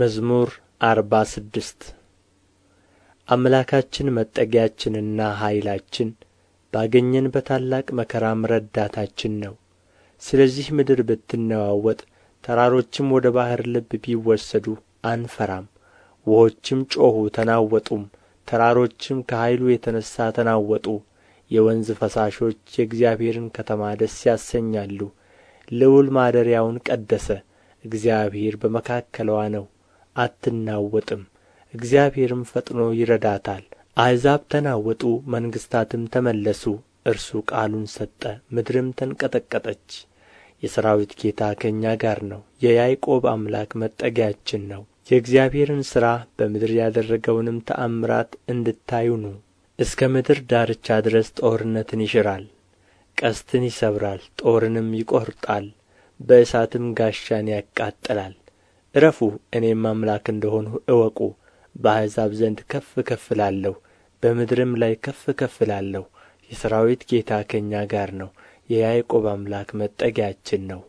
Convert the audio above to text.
መዝሙር አርባ ስድስት አምላካችን መጠጊያችንና ኃይላችን ባገኘን በታላቅ መከራም ረዳታችን ነው። ስለዚህ ምድር ብትነዋወጥ ተራሮችም ወደ ባሕር ልብ ቢወሰዱ አንፈራም። ውኆችም ጮኹ ተናወጡም፣ ተራሮችም ከኃይሉ የተነሣ ተናወጡ። የወንዝ ፈሳሾች የእግዚአብሔርን ከተማ ደስ ያሰኛሉ። ልዑል ማደሪያውን ቀደሰ፣ እግዚአብሔር በመካከልዋ ነው። አትናወጥም እግዚአብሔርም ፈጥኖ ይረዳታል አሕዛብ ተናወጡ መንግሥታትም ተመለሱ እርሱ ቃሉን ሰጠ ምድርም ተንቀጠቀጠች የሠራዊት ጌታ ከእኛ ጋር ነው የያዕቆብ አምላክ መጠጊያችን ነው የእግዚአብሔርን ሥራ በምድር ያደረገውንም ተአምራት እንድታዩ ኑ እስከ ምድር ዳርቻ ድረስ ጦርነትን ይሽራል ቀስትን ይሰብራል ጦርንም ይቈርጣል በእሳትም ጋሻን ያቃጥላል ዕረፉ እኔም አምላክ እንደ ሆንሁ እወቁ በአሕዛብ ዘንድ ከፍ ከፍ እላለሁ በምድርም ላይ ከፍ ከፍ እላለሁ የሠራዊት ጌታ ከእኛ ጋር ነው የያዕቆብ አምላክ መጠጊያችን ነው